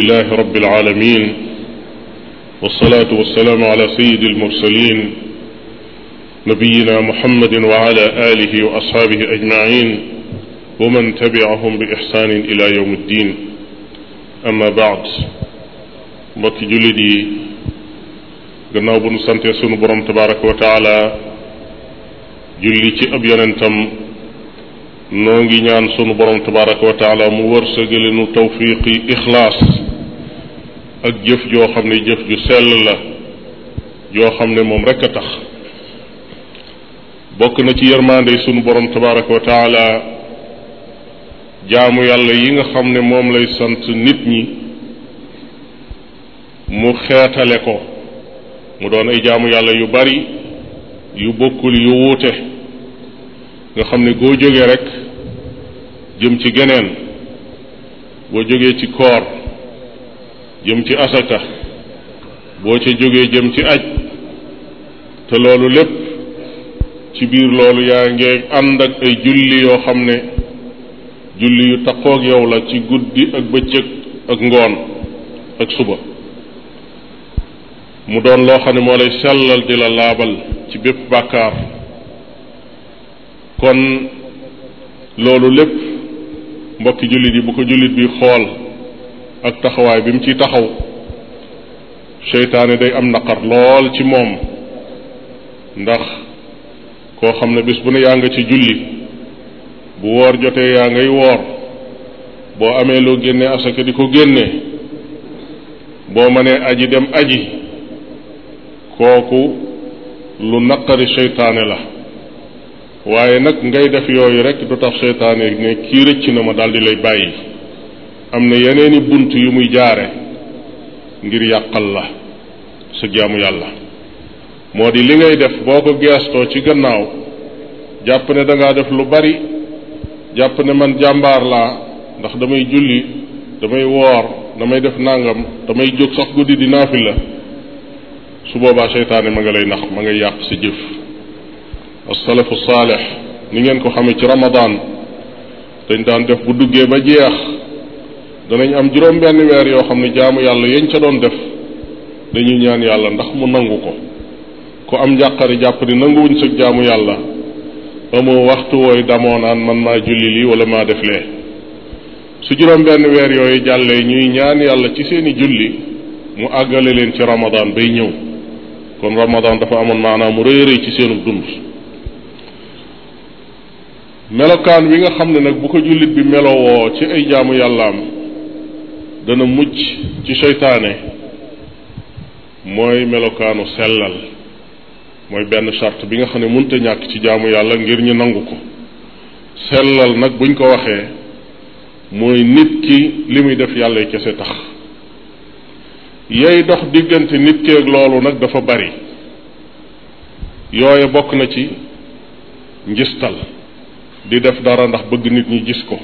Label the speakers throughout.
Speaker 1: lillahi rabbil aalamiin wassalaatu wassalaamu alaa sayyidil mursaliin nabiyyinaa Muhammadin wa alaa aalihi wa ashaabihi ajmaiin wa man tabiahum bi ihsaanin ilaa yawmi ddiin amma baad mbokki jullit yi gannaaw bu nu santee sunu borom tabaaraka wa taala julli ci ab yonentam noo ngi ñaan sunu borom tabaaraka wa taala mu wërsëgale nu tawfiiqi ixlaas ak jëf joo xam ne jëf ju sell la yoo xam ne moom rekk a tax bokk na ci yërmande sunu borom tabaraka wa taala jaamu yàlla yi nga xam ne moom lay sant nit ñi mu xeetale ko mu doon ay jaamu yàlla yu bari yu bokkul yu wuute nga xam ne goo jóge rek jëm ci geneen boo jóge ci koor jëm ci asaka boo ca jógee jëm ci aj te loolu lépp ci biir loolu yaa ngi ànd ak ay julli yoo xam ne julli yu takkook yow la ci guddi ak bëccëg ak ngoon ak suba mu doon loo xam ne moo lay sellal di la laabal ci bépp bàkkaar kon loolu lépp mbokki jullit yi bu ko jullit bi xool ak taxawaay bi mu ciy taxaw seytaane day am naqar lool ci moom ndax koo xam ne bis bu ne yaa nga ci julli bu woor jotee yaa ngay woor boo amee loo génnee asaka di ko génnee boo mënee aji dem aji kooku lu naqari seytaane la waaye nag ngay def yooyu rek du tax seytaane ne kii rëcc na ma daldi lay bàyyi am na yeneeni bunt yu muy jaare ngir yàqal la sa jaamu yàlla moo di li ngay def boo ko geestoo ci gannaaw jàpp ne dangaa def lu bari jàpp ne man jàmbaar laa ndax damay julli damay woor damay def nangam damay jóg sax guddi di naafi la su boobaa seytaane ma nga lay nax ma ngay yàq sa jëf as-salafu saalix ni ngeen ko xamee ci ramadan dañ daan def bu duggee ba jeex danañ am juróom benn weer yoo xam ne jaamu yàlla yañ ca doon def dañuy ñaan yàlla ndax mu nangu ko ku am njàqare jàpp ni nanguwuñ sa jaamu yàlla amoo waxtu wooy damoo naan man maa julli lii wala maa def lee su juróom benn weer yooyu jàllee ñuy ñaan yàlla ci seeni julli mu àggale leen ci ramadan bay ñëw kon ramadan dafa amoon maanaam mu rëy rëy ci seenu dund melokaan wi nga xam ne nag bu ko jullit bi melowoo ci ay jaamu yàllaam dana mucc ci seytaane mooy melokaanu sellal mooy benn charte bi nga xam ne mënta ñàkk ci jaamu yàlla ngir ñu nangu ko sellal nag buñ ko waxee mooy nit ki li muy def yàlla kese tax yey dox diggante nit ki loolu nag dafa bari yooye bokk na ci njistal di def dara ndax bëgg nit ñi gis ko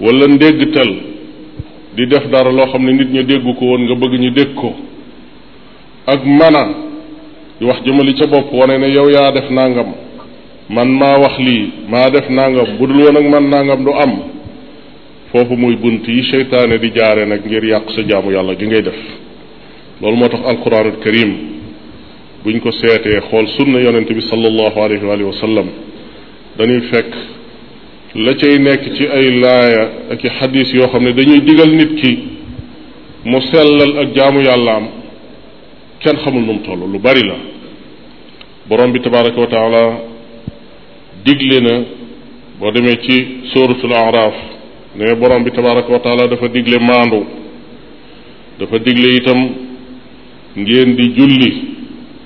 Speaker 1: wala ndéggtal di def dara loo xam ne nit ña déggu ko woon nga bëgg ñu dégg ko ak mana di wax jëmali ca bopp wane ne yow yaa def nangam man maa wax lii maa def nangam bu dul woon ak man nangam du am foofu muy bunt yi seytaane di jaare nag ngir yàq sa jaamu yàlla gi ngay def loolu moo tax alquranul karim buñ ko seetee xool sunna yonente bi sallallahu alayhi wa sallam dañuy fekk la cay nekk ci ay laaya ak i xadis yoo xam ne dañuy digal nit ki mu sellal ak jaamu yàllaam kenn xamul nu mu lu bari la borom bi tabaraka wa digle na boo demee ci suratul araf ne borom bi tabaraka wa dafa digle maandu dafa digle itam ngeen di julli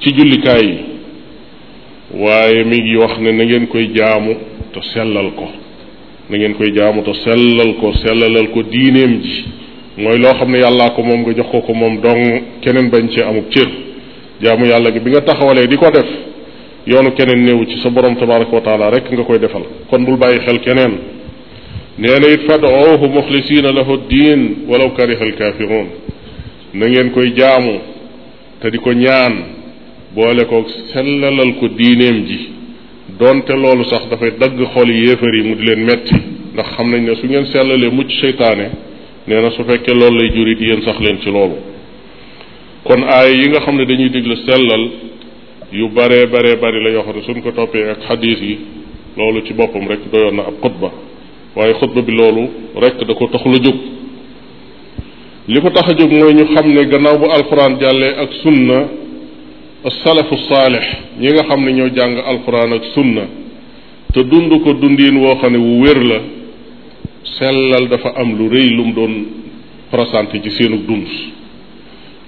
Speaker 1: ci jullikaay yi waaye mi ngi wax ne na ngeen koy jaamu te sellal ko na ngeen koy jaamuta sellal ko sellalal ko diineem ji mooy loo xam ne yàllaa ko moom nga jox ko ko moom dong keneen bañ cee amuk cër jaamu yàlla gi bi nga taxawalee di ko def yoonu keneen néew ci sa borom tabaraka wa taala rek nga koy defal kon bul bàyyi xel keneen nee na it fadoohu muxlisiina lahu diin walaw kariha alkaafiruun na ngeen koy jaamu te di ko ñaan boole ko sellalal ko diineem ji donte loolu sax dafay dagg xol yéefar yi mu di leen metti ndax xam nañ ne su ngeen sellalee mucc seytaane nee na su fekkee loolu lay jurit yéen sax leen ci loolu kon aay yi nga xam ne dañuy digle sellal yu baree baree bari la yoo xam ne suñ ko toppee ak xadiis yi loolu ci boppam rek doyoon na ab xutba waaye xutba bi loolu rekk da ko taxul a jóg li ko tax a jóg mooy ñu xam ne gannaaw bu alxuraan jàllee ak sunna asalafu saalix ñi nga xam ne ñoo jàng alquran ak sunna te dund ko dundiin woo xam ne wu wér la sellal dafa am lu rëy lu doon présenté ci seenug dund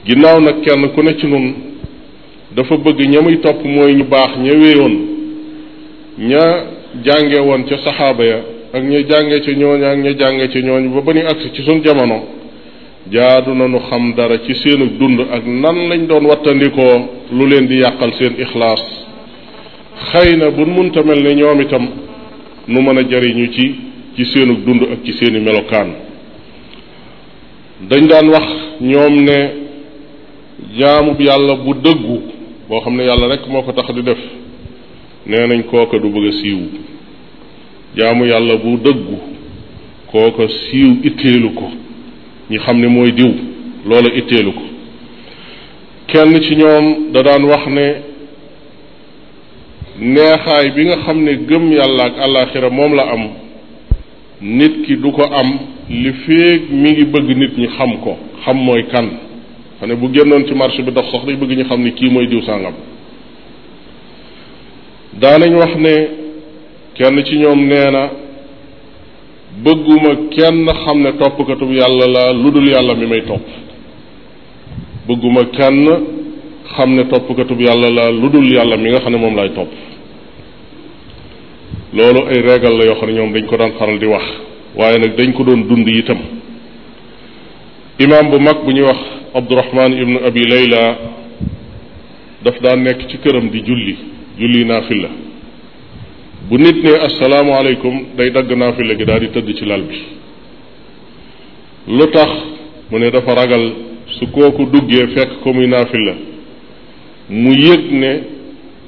Speaker 1: ginnaaw nag kenn ku ne ci nun dafa bëgg ña muy topp mooy ñu baax ña wéyoon ña jànge woon ca saxaaba ya ak ña jànge ca ñooñu ak ña jànge ca ñooñu ba ba ñu agsi ci suñ jamono jaadu nañu xam dara ci seenug dund ak nan lañ doon wattandikoo lu leen di yàqal seen ixlaas xëy na buñ munta mel ne ñoom itam nu mën a jariñu ci ci seenu dund ak ci seeni melokaan dañ daan wax ñoom ne jaamub yàlla bu dëggu boo xam ne yàlla rek moo ko tax di def nee nañ kooka du bëgg a siiw jaamu yàlla bu dëggu kooka siiw itteelu ko ñi xam ne mooy diw loola itteelu ko kenn ci ñoom da daan wax ne neexaay bi nga xam ne gëm yàlla ak àllaaxira moom la am nit ki du ko am li féeg mi ngi bëgg nit ñi xam ko xam mooy kan xam ne bu génnoon ci marché bi dox sax day bëgg ñu xam ne kii mooy diw sàngam daanañ wax ne kenn ci ñoom nee na bëgguma kenn xam ne toppkatub yàlla la lu dul yàlla mi may topp bëgguma kenn xam ne toppkatub yàlla la lu dul yàlla mi nga xam ne moom laay topp loolu ay régal la yoo xam ne ñoom dañ ko daan faral di wax waaye nag dañ ko doon dund itam imaam bu mag bu ñuy wax abdurahman ibnu abi layla daf daan nekk ci këram di julli julli la bu nit ne asalaamaaleykum day dagg naafila gi daal di tëdd ci lal bi lu tax mu ne dafa ragal su kooku duggee fekk ko muy naafila mu yëg ne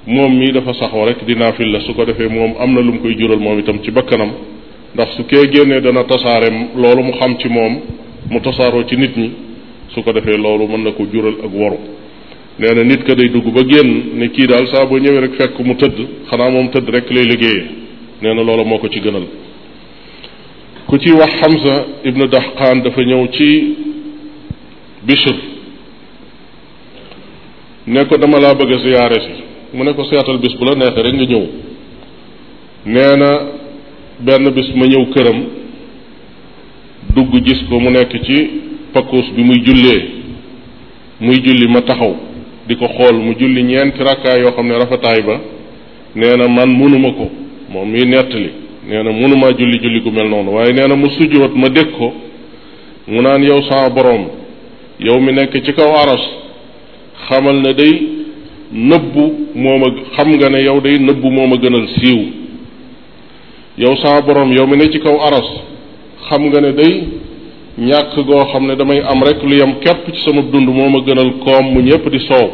Speaker 1: moom mii dafa saxoo rek di la su ko defee moom am na lu mu koy jural moom itam ci bakkanam ndax su kee génnee dana tasaare loolu mu xam ci moom mu tasaaroo ci nit ñi su ko defee loolu mën na ko jural ak waru nee na nit ka day dugg ba génn ne kii daal saa ñëwee rek fekk mu tëdd xanaa moom tëdd rek lay liggéeyee nee na loola moo ko ci gënal ku ci wax Hamza ibnu Dahqaan dafa ñëw ci bichir ne ko dama laa bëgg a ziyaare si mu ne ko seetal bis bu la neexee rek nga ñëw nee na benn bis ma ñëw këram dugg gis ko mu nekk ci pakkuus bi muy jullee muy julli ma taxaw di ko xool mu julli ñeenti rakkaay yoo xam ne rafetaay ba nee na man munuma ko moom miy nettali nee na munumaa julli julli gu mel noonu waaye nee na mu sujjóot ma dégg ko mu naan yow saa boroom yow mi nekk ci kaw aras xamal ne day nëbbu moo xam nga ne yow day nëbbu moo ma gënal siiw yow saa boroom yow mi ne ci kaw aras xam nga ne day ñàkk goo xam ne damay am rek lu yem képp ci sama dund moo ma gënal koom mu ñépp di soow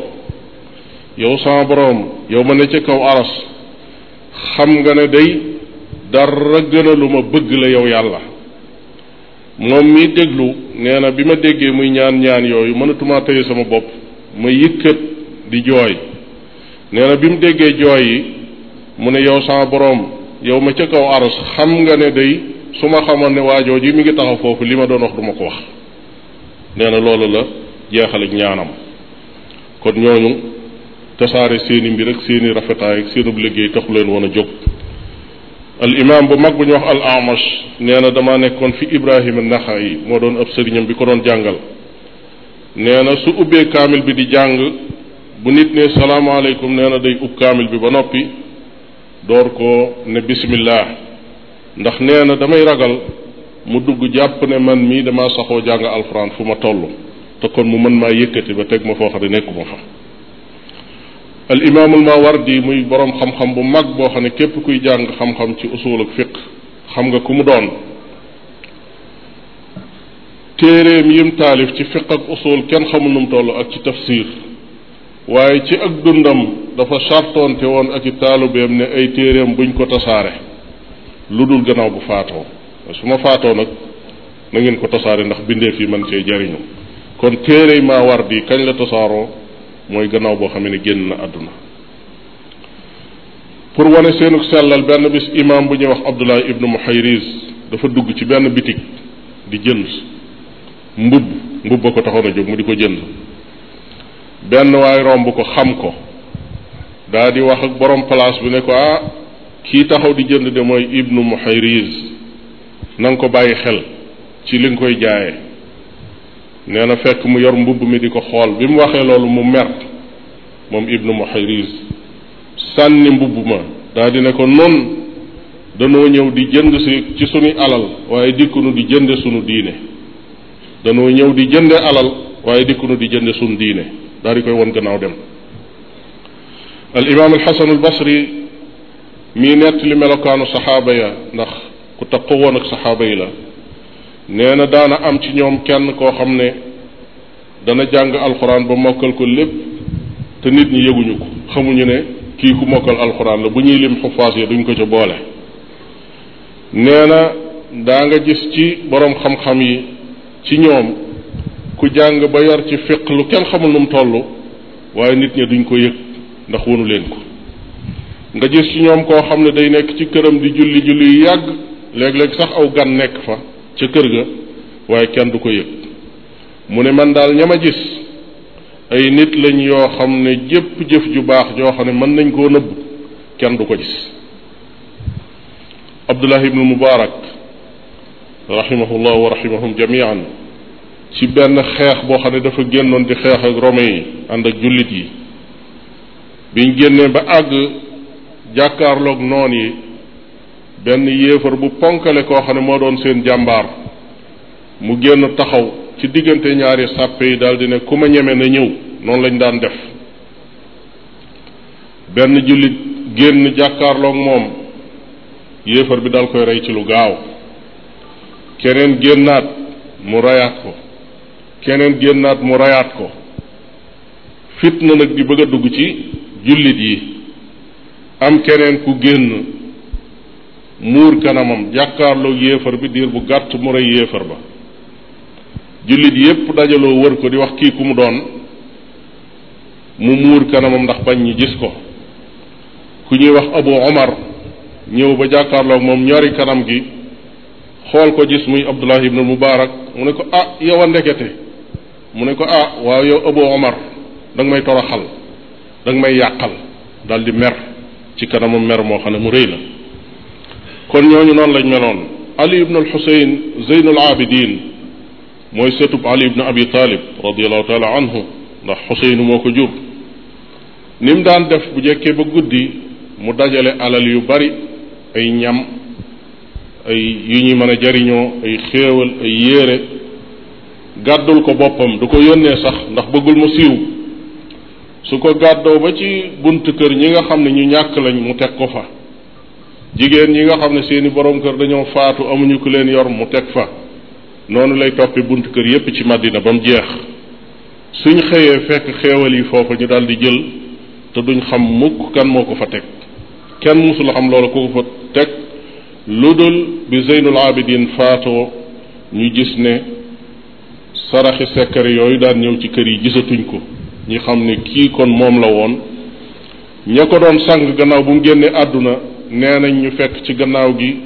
Speaker 1: yow saa borom yow ma ne ci kaw aras xam nga ne day dara gënalu ma bëgg la yow yàlla moom mi déglu nee na bi ma déggee muy ñaan ñaan yooyu mënatumaa tëye sama bopp ma yëkkat di jooy nee na bi mu déggee jooy yi mu ne yow sama boroom yow ma ca kaw aras xam nga ne day su ma xamoon ne waajoo ji mi ngi taxaw foofu li ma doon wax du ma ko wax nee na loolu la jeexal ak ñaanam kon ñooñu tasaare seeni mbir ak seeni rafetaay ak seenub liggéey taxu leen woon a jóg al bu mag bu ñu wax al amash nee na dama nekkoon fi Ibrahima Naxayi moo doon ab sëriñam bi ko doon jàngal nee na su ubbee kaamil bi di jàng bu nit ne salaamaaleykum nee na day ub kaamil bi ba noppi door ko ne bismillah ndax nee na damay ragal mu dugg jàpp ne man mii dama saxoo jàng alxuraan fu ma toll te kon mu mën maa yëkkati ba teg ma foo xam ne nekkuma fa al imaamul Mawardi muy boroom xam-xam bu mag boo xam ne képp kuy jàng xam-xam ci usul ak fiq xam nga ku mu doon téeréem yim taalif ci fiq ak usul kenn xamul nu mu ak ci tafsir waaye ci ak dundam dafa sartoonte woon ak i taalubeem ne ay téeréem buñ ko tasaare lu dul gannaaw bu faatoo su ma faatoo nag na ngeen ko tasaare ndax bindee yi mën cee jariñu kon ma Mawardi kañ la tasaaroo mooy gannaaw boo xam ne génn na àdduna pour wane seenu sellal benn bis imam bu ñuy wax Abdullah ibnu Muhayriz dafa dugg ci benn bitig di jënd mbubb mbubb ba ko taxoon a jóg mu di ko jënd benn waay romb ko xam ko daldi wax ak borom place bi ne ko ah kii taxaw di jënd de mooy ibnu Muhayriz na nga ko bàyyi xel ci li nga koy jaayee nee na fekk mu yor mbubb mi di ko xool bi mu waxee loolu mu mer moom ibnu muhayriz sànni mbubb ma daa di ne ko noon danoo ñëw di jënd si ci sunuy alal waaye dikkunu di jënd sunu diine danoo ñëw di jënde alal waaye dikkunu di jënde sunu diine daa di koy won gannaaw dem al imaam al xasan al basri mii nett li melokaanu saxaaba ya ndax ku taqu woon ak saxaaba yi la nee na daana am ci ñoom kenn koo xam ne dana jàng alxuraan ba mokkal ko lépp te nit ñi yëguñu ko xamuñu ne kii ku mokkal alxuraan la bu ñuy lim xufaas yi duñ ko ca boole nee na daa nga gis ci boroom xam-xam yi ci ñoom ku jàng ba yor ci fiq lu kenn xamul nu mu waaye nit ñi duñ ko yëg ndax wonu leen ko nga gis ci ñoom koo xam ne day nekk ci këram di julli julli yu yàgg léeg-léeg sax aw gan nekk fa ca kër ga waaye kenn du ko yëg mu ne man daal ña ma gis ay nit lañ yoo xam ne jépp jëf ju baax joo xam ne mën nañ koo nëbb kenn du ko gis abdullah ibnu mubarak rahimahullah wa rahimahum jamian ci benn xeex boo xam ne dafa génnoon di xeex ak rome yi ànd ak jullit yi biñ génnee ba àgg jàkkaarloog noon yi benn yéefar bu ponkale koo xam ne moo doon seen jàmbaar mu génn taxaw ci diggante ñaari sàppe yi daldi ne ku ma ñeme na ñëw noonu lañu daan def benn jullit génn jàkkaarloog moom yéefar bi dal koy rey ci lu gaaw keneen génnaat mu reyaat ko keneen génnaat mu rayaat ko fitna nag di bëgg a dugg ci jullit yi am keneen ku génn muur kanamam jàkkaarloog yéefar bi diir bu gàtt mu rey yéefar ba jullit yépp dajaloo wër ko di wax kii ku mu doon mu muur kanamam ndax bañ ñi gis ko ku ñuy wax abu omar ñëw ba jàkkaarloog moom ñori kanam gi xool ko gis muy abdullah ibnu mubarak mu ne ko ah yow a ndekete mu ne ko ah waaw yow abu omar danga may toroxal danga may yàqal daldi mer ci kanamu mer moo xam ne mu rëy la kon ñooñu noonu lañ menoon ali ibn al xusayn zeyn al abidin mooy sëtub ali ibn abi talib radiallahu taala anhu ndax xuseynu moo ko jur ni mu daan def bu jekkee ba guddi mu dajale alal yu bari ay ñam ay yu ñuy mën a jariñoo ay xéewal ay yéere gàddul ko boppam du ko yónnee sax ndax bëggul ma siiw su ko gàddoo ba ci buntu kër ñi nga xam ne ñu ñàkk lañ mu teg ko fa jigéen ñi nga xam ne seeni borom kër dañoo faatu amuñu ku leen yor mu teg fa noonu lay toppi buntu kër yépp ci màddina ba mu jeex suñ xëyee fekk xéewal yi foofa ñu daal di jël te duñ xam mukk kan moo ko fa teg kenn mësul xam loolu ku ko fa teg lu dul bi Zeynul Abidin faatoo ñu gis ne saraxi sekkare yooyu daan ñëw ci kër yi gisatuñ ko ñi xam ne kii kon moom la woon ña ko doon sang gannaaw bu mu génnee àdduna nee nañ ñu fekk ci gannaaw gi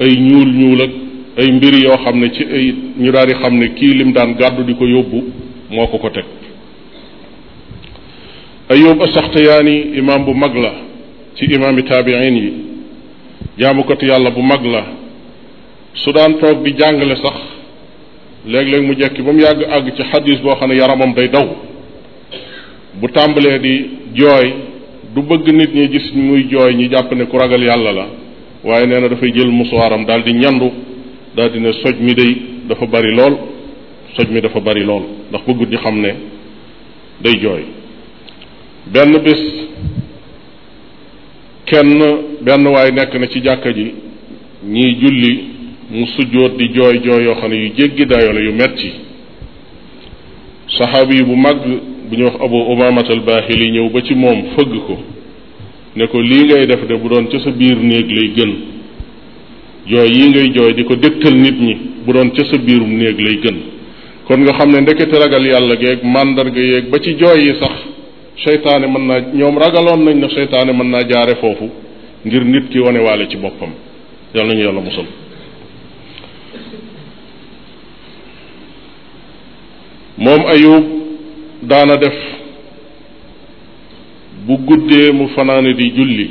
Speaker 1: ay ñuul ñuul ak ay mbir yoo xam ne ci ay ñu daal di xam ne kii lim daan gàddu di ko yóbbu moo ko ko teg ayub asaxtiyaani imaam bu mag la ci imaami taabiin yi jaamukatu yàlla bu mag la su daan toog di jàngale sax léeg-léeg mu jekki ba mu yàgg àgg ci xadis boo xam ne yaramam day daw bu tàmbalee di jooy du bëgg nit ñi gis muy jooy ñi jàpp ne ku ragal yàlla la waaye nee na dafay jël musuwaaram daal di ñandu daal di ne soj mi day dafa bari lool soj mi dafa bari lool ndax bëggut ñi xam ne day jooy benn bis kenn benn waay nekk na ci jàkka ji ñiy julli mu sujjóot di jooy jooy yoo xam ne yu jéggi dayo la yu metti saxaabi bu mag bu ñuy wax abu umamat al baaxili ñëw ba ci moom fëgg ko ne ko lii ngay def de bu doon ca sa biir néeg lay gën jooy yi ngay jooy di ko dëkkal nit ñi bu doon ca sa biirum néeg lay gën kon nga xam ne ndekete ragal yàlla geeg màndarga yéeg ba ci jooy yi sax seytaane mën naa ñoom ragaloon nañ ne seytaane mën naa jaare foofu ngir nit ki wane ci boppam yàlla nañu yàlla musal moom ayub daana def bu guddee mu fanaane di julli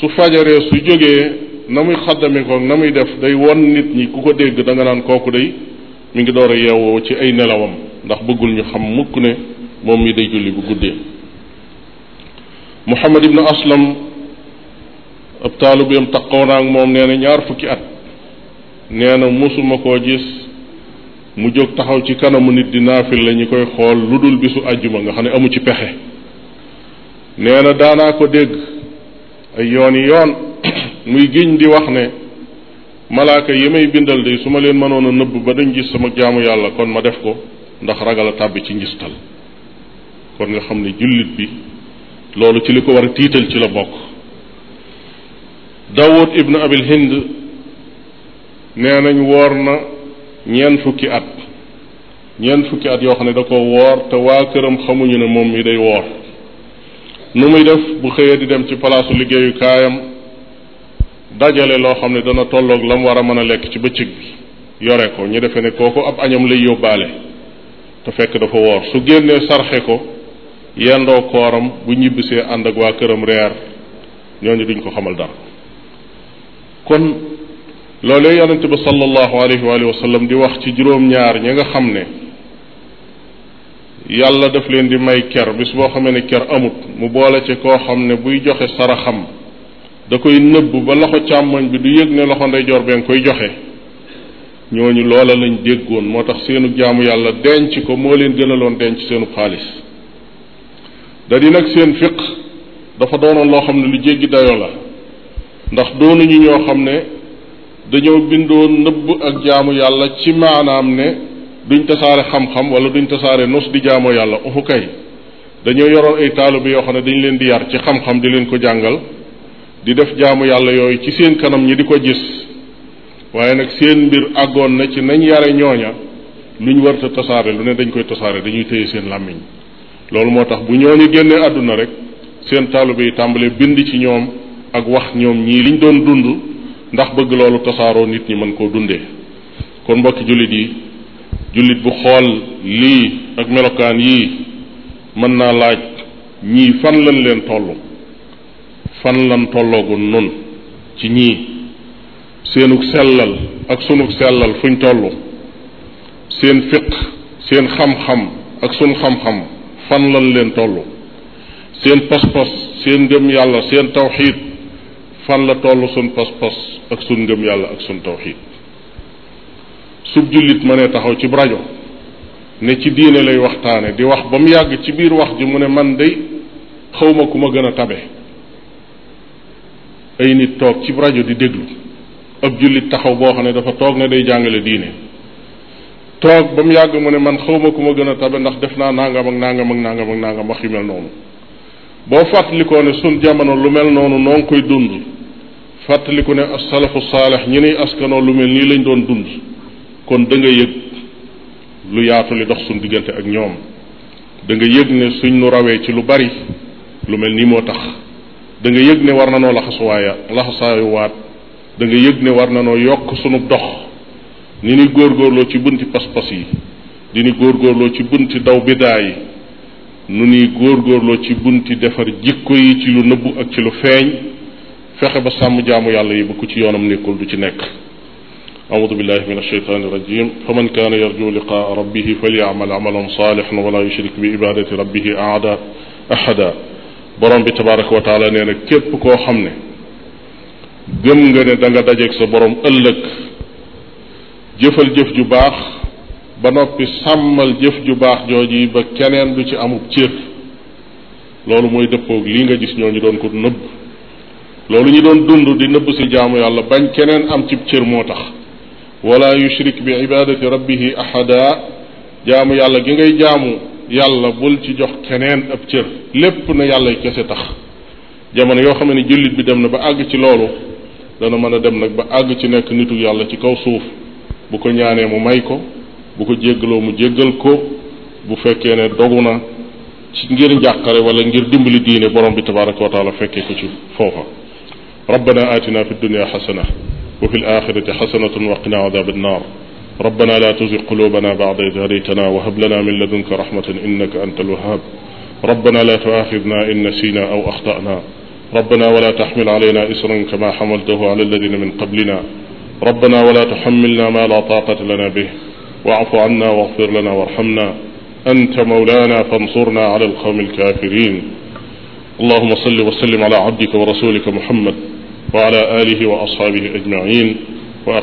Speaker 1: su fajaree su jógee na muy xaddami na muy def day won nit ñi ku ko dégg danga naan kooku day mu ngi door a yeewoo ci ay nelawam ndax bëggul ñu xam mukk ne moom muy day julli bu guddee Muhammad ibn Aslam ab taalibeem taqoon ak moom nee na ñaar fukki at nee na mosuma koo gis mu jóg taxaw ci kanamu nit di naafil la ñu koy xool lu dul bisu àjjuma nga xam ne amu ci pexe nee na daanaa ko dégg ay yoon yi yoon muy giñ di wax ne malaaka yi may bindal de su ma leen mënoon a nëbb ba dañ gis sama jaamu yàlla kon ma def ko ndax ragal a tàbbi ci ngistal kon nga xam ne jullit bi loolu ci li ko war a tiital ci la bokk Dawud ibnu Abil Hind nee nañ woor na ñeent fukki at ñeent fukki at yoo xam ne da ko woor te waa këram xamuñu ne moom mi day woor nu muy def bu xëyee di dem ci palaasu liggéeyukaayam dajale loo xam ne dana tolloog la mu war a mën a lekk ci bëccëg bi yore ko ñu defee ne kooku ab añam lay yóbbaale te fekk dafa woor su génnee sarxe ko yendoo kooram bu ñibbisee ànd ak waa këram reer ñooñu duñ ko xamal dara kon loolee yonente bi sallallahu alayhi wa sallam di wax ci juróom-ñaar ñi nga xam ne yàlla daf leen di may ker bis boo xamee ne ker amut mu boole ci koo xam ne buy joxe saraxam da koy nëbb ba loxo càmmoñ bi du yëg ne loxo ndeyjoor bee nga koy joxe ñooñu loola lañ déggoon moo tax seenu jaamu yàlla denc ko moo leen gënaloon denc seenu xaalis da di nag seen fiq dafa doonoon loo xam ne lu jéggi dayoo la ndax doonuñu ñoo xam ne dañoo bindoo nëbb ak jaamu yàlla ci maanaam ne duñ tasaare xam-xam wala duñ tasaare nos di jaamu yàlla uxu kay dañoo yoroon ay taalibe yoo xam ne dañ leen di yar ci xam-xam di leen ko jàngal di def jaamu yàlla yooyu ci seen kanam ñi di ko jis waaye nag seen mbir àggoon na ci nañ yare ñooña luñ warta tasaare lu ne dañ koy tasaare dañuy téye seen làmmiñ loolu moo tax bu ñooñu génnee àdduna rek seen taalibe yi tàmbalee bind ci ñoom ak wax ñoom ñii liñ doon dund ndax bëgg loolu tasaaroo nit ñi mën koo dundee kon mbokki jullit yi jullit bu xool lii ak melokaan yii mën naa laaj ñii fan lañ leen tollu fan lañ tolloogu nun ci ñii seenug sellal ak sunug sellal fuñ tollu seen fiq seen xam-xam ak sun xam-xam fan lañ leen tollu seen pas-pas seen ngëm yàlla seen tawxiid fan la toll sun pas-pas ak sun ngëm yàlla ak sun tawxiid sub jullit ma ne taxaw ci rajo ne ci diine lay waxtaane di wax ba mu yàgg ci biir wax ji mu ne man day xawma ku ma gën a tabe ay nit toog ci rajo di déglu ab jullit taxaw boo xam ne dafa toog ne day jàngale diine toog ba mu yàgg mu ne man xawma ku ma gën a tabe ndax def naa nangam ak nangam ak nangam ak nangam wax yu mel noonu boo fàttalikoo ne sun jamono lu mel noonu noo koy dund fàttaliku ne asalafu saalex ñi nuy askanoo lu mel nii lañ doon dund kon danga nga yëg lu yaatu li dox suñ diggante ak ñoom danga nga yëg ne suñ nu rawee ci lu bari lu mel nii moo tax danga yëg ne war na noo laxasuwaaya laxasaayuwaat waat danga yëg ne war na noo yokk sunu dox ni góor góorloo ci bunti pas-pas yi di ni góorgóorloo ci bunti daw bidaa yi nu ni góorgóorloo ci bunti defar jikko yi ci lu nëbbu ak ci lu feeñ fexe ba sàmm jaamu yàlla yi ba ku ci yoonam nekkul du ci nekk audu billahi min alsheytani irajim fa man kaana yarju liqaa rabbihi falyamal amalan saalixan wala yushrik bi ibadati rabbihi aada ahada borom bi tabaraka wa taala nee na képp koo xam ne gëm nga ne da sa borom ëllëg jëfal jëf ju baax ba noppi sàmmal jëf ju baax jooji ba keneen du ci amub cër loolu mooy dëppoog lii nga gis ñooñu doon ko nëbb loolu ñu doon dund di nëbb si jaamu yàlla bañ keneen am cib cër moo tax wala yushrik bi ibadati rabbihi ahada jaamu yàlla gi ngay jaamu yàlla bul ci jox keneen ab cër lépp na yàlla kese tax jamono yoo xam ne jullit bi dem na ba àgg ci loolu dana mën a dem nag ba àgg ci nekk nitu yàlla ci kaw suuf bu ko ñaanee mu may ko bu ko jéggaloo mu jéggal ko bu fekkee ne dogu na ci ngir njàqare wala ngir dimbali diine borom bi tabaraka wa taala fekkee ko ci foofa ربنا آتنا في الدنيا حسنة وفي الآخرة حسنة وقنا عذاب النار ربنا لا تزغ قلوبنا بعد إذ هديتنا وهب لنا من لدنك رحمة إنك أنت الوهاب ربنا لا تؤاخذنا إن نسينا أو أخطأنا ربنا ولا تحمل علينا إصرا كما حملته على الذين من قبلنا ربنا ولا تحملنا ما لا طاقة لنا به واعف عنا واغفر لنا وارحمنا أنت مولانا فانصرنا على القوم الكافرين اللهم صل وسلم على عبدك ورسولك محمد wa ala alihi wa ashaabihi ajmain wa